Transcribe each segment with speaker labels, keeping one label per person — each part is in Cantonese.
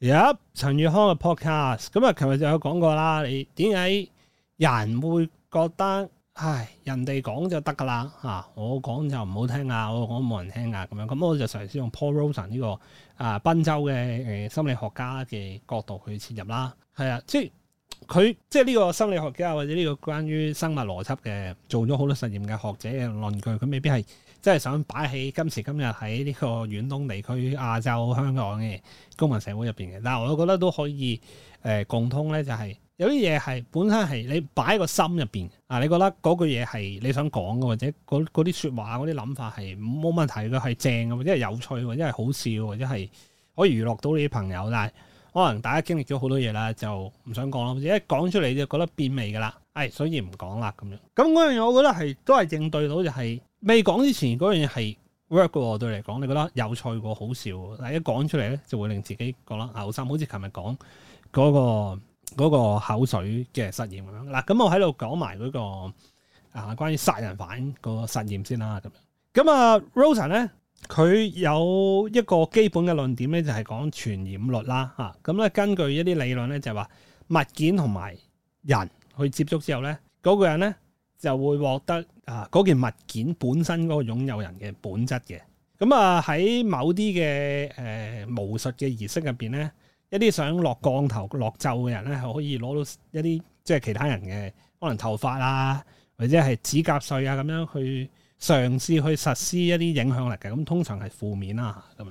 Speaker 1: 有、yep, 陳宇康嘅 podcast，咁啊，琴日就有講過啦。你點解人會覺得唉，人哋講就得㗎啦？啊，我講就唔好聽啊，我講冇人聽啊咁樣。咁我就嘗試用 Paul Rosen 呢、呢個啊、呃、賓州嘅誒、呃、心理學家嘅角度去切入啦。係啊，即係。佢即係呢個心理學家或者呢個關於生物邏輯嘅做咗好多實驗嘅學者嘅論據，佢未必係真係想擺喺今時今日喺呢個遠東地區、亞洲、香港嘅公民社會入邊嘅。但係我覺得都可以誒、呃、共通咧，就係、是、有啲嘢係本身係你擺喺個心入邊啊，你覺得嗰句嘢係你想講嘅，或者嗰啲說話、嗰啲諗法係冇問題嘅，係正嘅，或者係有趣，或者係好笑，或者係可以娛樂到你啲朋友，但係。可能大家經歷咗好多嘢啦，就唔想講啦。一講出嚟就覺得變味噶啦，係、哎、所以唔講啦咁樣。咁嗰樣嘢，我覺得係都係應對到、就是，就係未講之前嗰樣嘢係 work 嘅，對你嚟講，你覺得有趣過好笑。但一講出嚟咧，就會令自己覺得嘔心、啊、好似琴日講嗰個口水嘅實驗咁樣。嗱咁我喺度講埋嗰個啊關於殺人犯個實驗先啦。咁樣咁啊、uh, Rosa 呢？佢有一個基本嘅論點咧，就係講傳染率啦嚇。咁啊咧根據一啲理論咧，就係話物件同埋人去接觸之後咧，嗰個人咧就會獲得啊嗰件物件本身嗰個擁有人嘅本質嘅。咁啊喺某啲嘅誒巫術嘅儀式入邊咧，一啲想落降頭落咒嘅人咧，可以攞到一啲即係其他人嘅可能頭髮啊，或者係指甲碎啊咁樣去。嘗試去實施一啲影響力嘅，咁通常係負面啦，咁樣。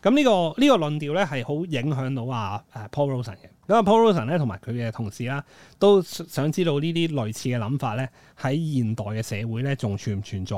Speaker 1: 咁呢個呢個論調咧係好影響到啊，誒 Paul Rosen 嘅。咁啊 Paul Rosen 咧同埋佢嘅同事啦，都想知道呢啲類似嘅諗法咧，喺現代嘅社會咧仲存唔存在？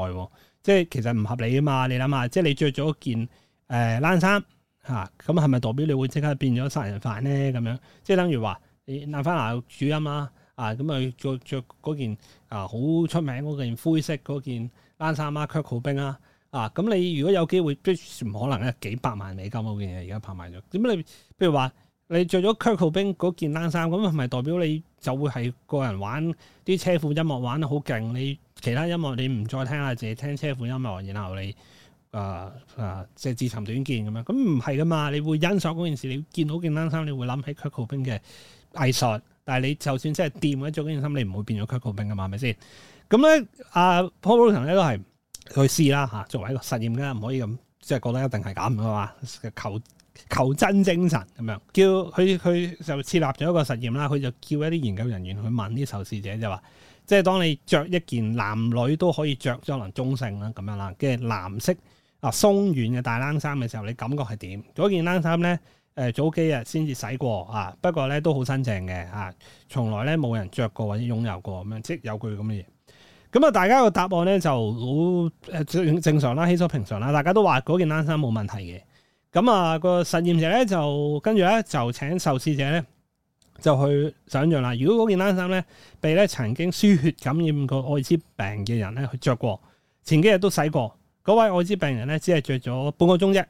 Speaker 1: 即係其實唔合理啊嘛！你諗下，即係你着咗件誒冷衫嚇，咁係咪代表你會即刻變咗殺人犯咧？咁樣即係等於話 Nirvana 啊主音啦，啊咁啊着著嗰件啊好出名嗰件灰色嗰件。單衫啊，Coco 冰啊，啊咁你如果有機會，即係唔可能嘅，幾百萬美金嗰件嘢，而家拍賣咗。點解你？譬如話你着咗 Coco 冰嗰件單衫，咁係咪代表你就會係個人玩啲車庫音樂玩得好勁？你其他音樂你唔再聽啊，只係聽車庫音樂，然後你、呃、啊啊即係自尋短見咁樣？咁唔係噶嘛，你會欣賞嗰件事，你見到件單衫，你會諗起 Coco 冰嘅藝術。但係你就算真係掂咗咗件衫，你唔會變咗 Coco 冰噶嘛？係咪先？咁咧，阿、啊、Paulson 咧都係去試啦嚇、啊，作為一個實驗啦，唔可以咁即係覺得一定係咁啊嘛。求求真精神咁樣，叫佢佢就設立咗一個實驗啦。佢就叫一啲研究人員去問啲受試者就話、是，即係當你着一件男女都可以着，可能中性啦咁樣啦，嘅藍色啊鬆軟嘅大冷衫嘅時候，你感覺係點？嗰件冷衫咧，誒、呃、早幾日先至洗過啊，不過咧都好新淨嘅啊，從來咧冇人着過或者擁有過咁樣，即係有句咁嘅嘢。咁啊，大家個答案咧就好誒正常啦，稀疏平常啦。大家都話嗰件冷衫冇問題嘅。咁啊，個實驗者咧就跟住咧就請受試者咧就去想像啦。如果嗰件冷衫咧被咧曾經輸血感染過愛滋病嘅人咧去着過，前幾日都洗過。嗰位愛滋病人咧只係着咗半個鐘啫。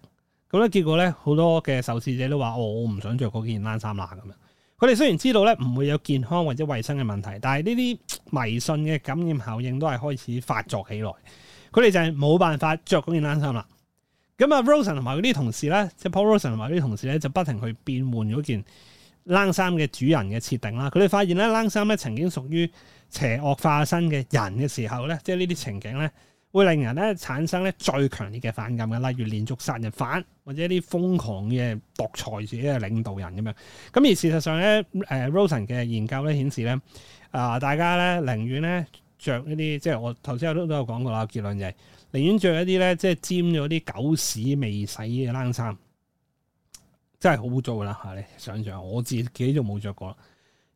Speaker 1: 咁咧結果咧好多嘅受試者都話：我唔想着嗰件冷衫啦咁樣。佢哋雖然知道咧唔會有健康或者衞生嘅問題，但係呢啲迷信嘅感染效應都係開始發作起來。佢哋就係冇辦法着嗰件冷衫啦。咁啊，Rosen 同埋嗰啲同事咧，即係 Paul Rosen 同埋啲同事咧，就不停去變換嗰件冷衫嘅主人嘅設定啦。佢哋發現咧，冷衫咧曾經屬於邪惡化身嘅人嘅時候咧，即係呢啲情景咧。會令人咧產生咧最強烈嘅反感嘅，例如連續殺人犯或者一啲瘋狂嘅獨裁者嘅領導人咁樣。咁而事實上咧，誒、呃、Rosen 嘅研究咧顯示咧，啊、呃，大家咧寧願咧着一啲，即係我頭先我都都有講過啦，結論就係寧願着一啲咧，即係沾咗啲狗屎未洗嘅冷衫，真係好污糟啦吓！你想象，我自己都冇着過，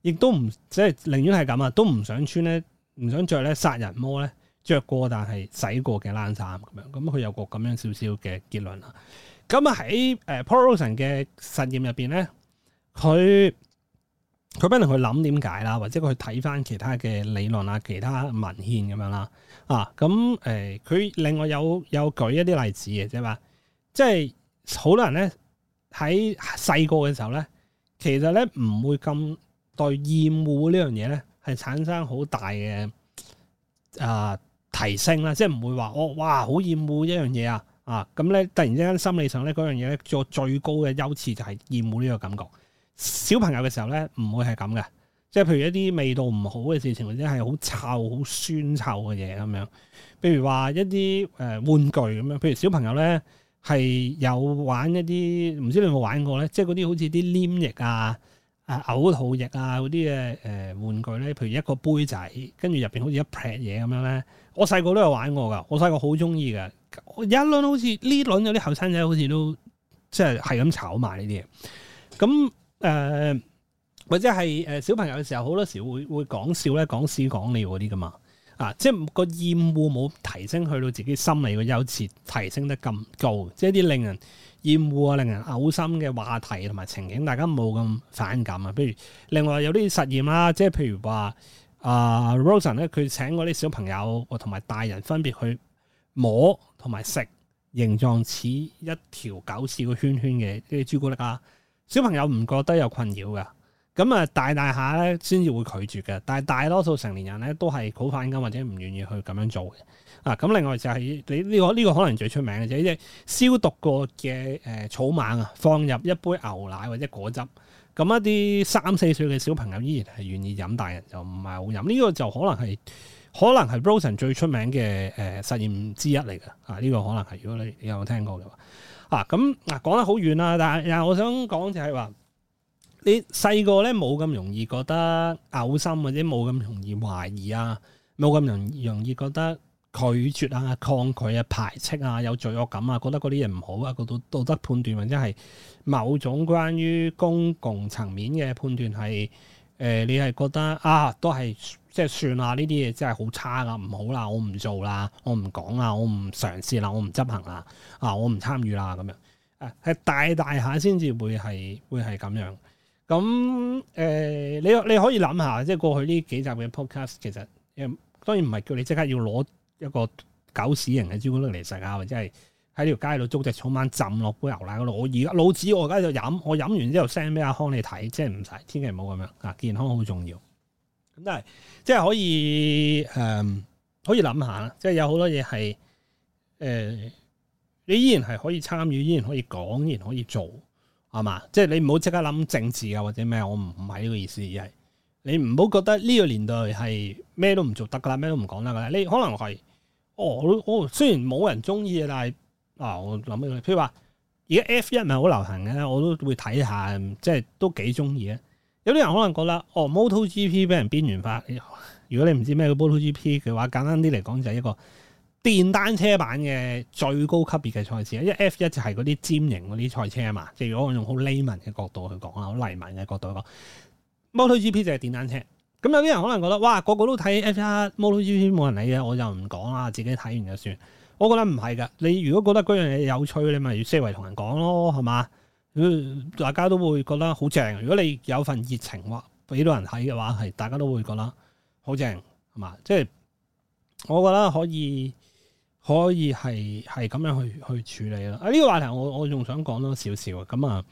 Speaker 1: 亦都唔即係寧願係咁啊，都唔想穿咧，唔想着咧，殺人魔咧。着過但係洗過嘅冷衫咁樣小小，咁佢有個咁樣少少嘅結論啦。咁喺誒 Paul Rozin 嘅實驗入邊咧，佢佢不斷去諗點解啦，或者佢去睇翻其他嘅理論啊、其他文獻咁樣啦。啊，咁誒佢另外有有舉一啲例子嘅即係話啫嘛，即係好多人咧喺細個嘅時候咧，其實咧唔會咁對厭惡呢樣嘢咧，係產生好大嘅啊。呃提升啦，即係唔會話我、哦、哇好厭惡一、啊啊、樣嘢啊啊咁咧，突然之間心理上咧嗰樣嘢咧做最高嘅優次就係厭惡呢個感覺。小朋友嘅時候咧唔會係咁嘅，即係譬如一啲味道唔好嘅事情或者係好臭好酸臭嘅嘢咁樣。譬如話一啲誒、呃、玩具咁樣，譬如小朋友咧係有玩一啲唔知你有冇玩過咧，即係嗰啲好似啲黏液啊。誒、呃、嘔吐液啊嗰啲嘅誒玩具咧，譬如一個杯仔，跟住入邊好似一撇嘢咁樣咧，我細個都有玩過噶，我細個好中意噶。有一輪好似呢輪有啲後生仔好似都即係係咁炒賣呢啲嘢，咁、嗯、誒、呃、或者係誒小朋友嘅時候好多時會會講笑咧，講屎講尿嗰啲噶嘛。啊！即係個厭惡冇提升去到自己心理個優越，提升得咁高。即係啲令人厭惡啊、令人嘔心嘅話題同埋情景，大家冇咁反感啊。譬如另外有啲實驗啦，即係譬如話啊 Rozin 咧，佢、呃、請嗰啲小朋友同埋大人分別去摸同埋食形狀似一條狗似個圈圈嘅啲朱古力啊，小朋友唔覺得有困擾噶。咁啊，大大下咧先至會拒絕嘅，但係大多數成年人咧都係好反感或者唔願意去咁樣做嘅。啊，咁另外就係、是、你呢、呢個呢、呢個可能最出名嘅就係消毒過嘅誒、呃、草蜢啊，放入一杯牛奶或者果汁，咁一啲三四歲嘅小朋友依然係願意飲，大人就唔係好飲。呢、呢個就可能係可能係 Brosen 最出名嘅誒、呃、實驗之一嚟嘅。啊，呢、呢個可能係如果你有冇聽過嘅話，啊咁嗱講得好遠啦，但係我想講就係話。你細個咧冇咁容易覺得嘔心或者冇咁容易懷疑啊，冇咁容容易覺得拒絕啊、抗拒啊、排斥啊、有罪惡感啊，覺得嗰啲嘢唔好啊，個道道德判斷或者係某種關於公共層面嘅判斷係，誒、呃、你係覺得啊都係即係算啦，呢啲嘢真係好差噶，唔好啦，我唔做啦，我唔講啦，我唔嘗試啦，我唔執行啦，啊我唔參與啦咁樣，誒、啊、係大大下先至會係會係咁樣。咁誒、呃，你你可以諗下，即係過去呢幾集嘅 podcast，其實誒當然唔係叫你即刻要攞一個狗屎型嘅朱古力嚟食啊，或者係喺條街度捉隻草蜢浸落杯牛奶嗰度。我而家老子我而家就飲，我飲完之後 send 俾阿康你睇，即係唔使千祈唔好咁樣啊，健康好重要。咁但係即係可以誒、呃，可以諗下啦，即係有好多嘢係誒，你依然係可以參與，依然可以講，依然可以做。係嘛？即係你唔好即刻諗政治啊，或者咩？我唔唔係呢個意思，而係你唔好覺得呢個年代係咩都唔做得㗎啦，咩都唔講得㗎啦。你可能係哦，我、哦、都雖然冇人中意，但係啊，我諗起個，譬如話而家 F 一咪好流行嘅，我都會睇下，即係都幾中意啊。有啲人可能覺得哦，MotoGP 俾人邊緣化。如果你唔知咩叫 MotoGP 嘅話，簡單啲嚟講就係一個。電單車版嘅最高級別嘅賽事，因為 F1 就係嗰啲尖型嗰啲賽車啊嘛。即係如果我用好 layman 嘅角度去講啦，好 layman 嘅角度去講，MotoGP 就係電單車。咁有啲人可能覺得，哇，個個都睇 F1 MotoGP 冇人理嘅，我就唔講啦，自己睇完就算。我覺得唔係㗎。你如果覺得嗰樣嘢有趣，你咪要四圍同人講咯，係嘛？大家都會覺得好正。如果你有份熱情話俾到人睇嘅話，係大家都會覺得好正，係嘛？即係我覺得可以。可以係係咁樣去去處理啦。啊，呢個話題我我仲想講多少少啊。咁啊。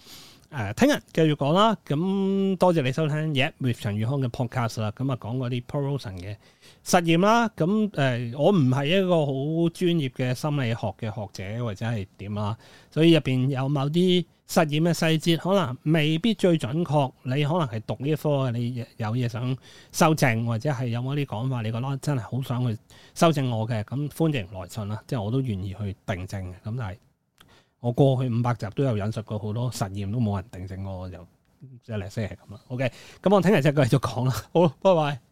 Speaker 1: 誒，聽日繼續講啦。咁多謝你收聽 yeah,、oh cast，《Yet With 陳宇康嘅 Podcast》啦。咁啊，講嗰啲 provision 嘅實驗啦。咁誒，我唔係一個好專業嘅心理學嘅學者或者係點啦。所以入邊有某啲實驗嘅細節，可能未必最準確。你可能係讀呢一科，你有嘢想修正或者係有冇啲講法，你覺得真係好想去修正我嘅。咁歡迎來信啦，即係我都願意去訂正。咁但係。我過去五百集都有引述過好多實驗都冇人定性過，我就即係零星係咁啦。OK，咁我聽日就繼續講啦。好，拜拜。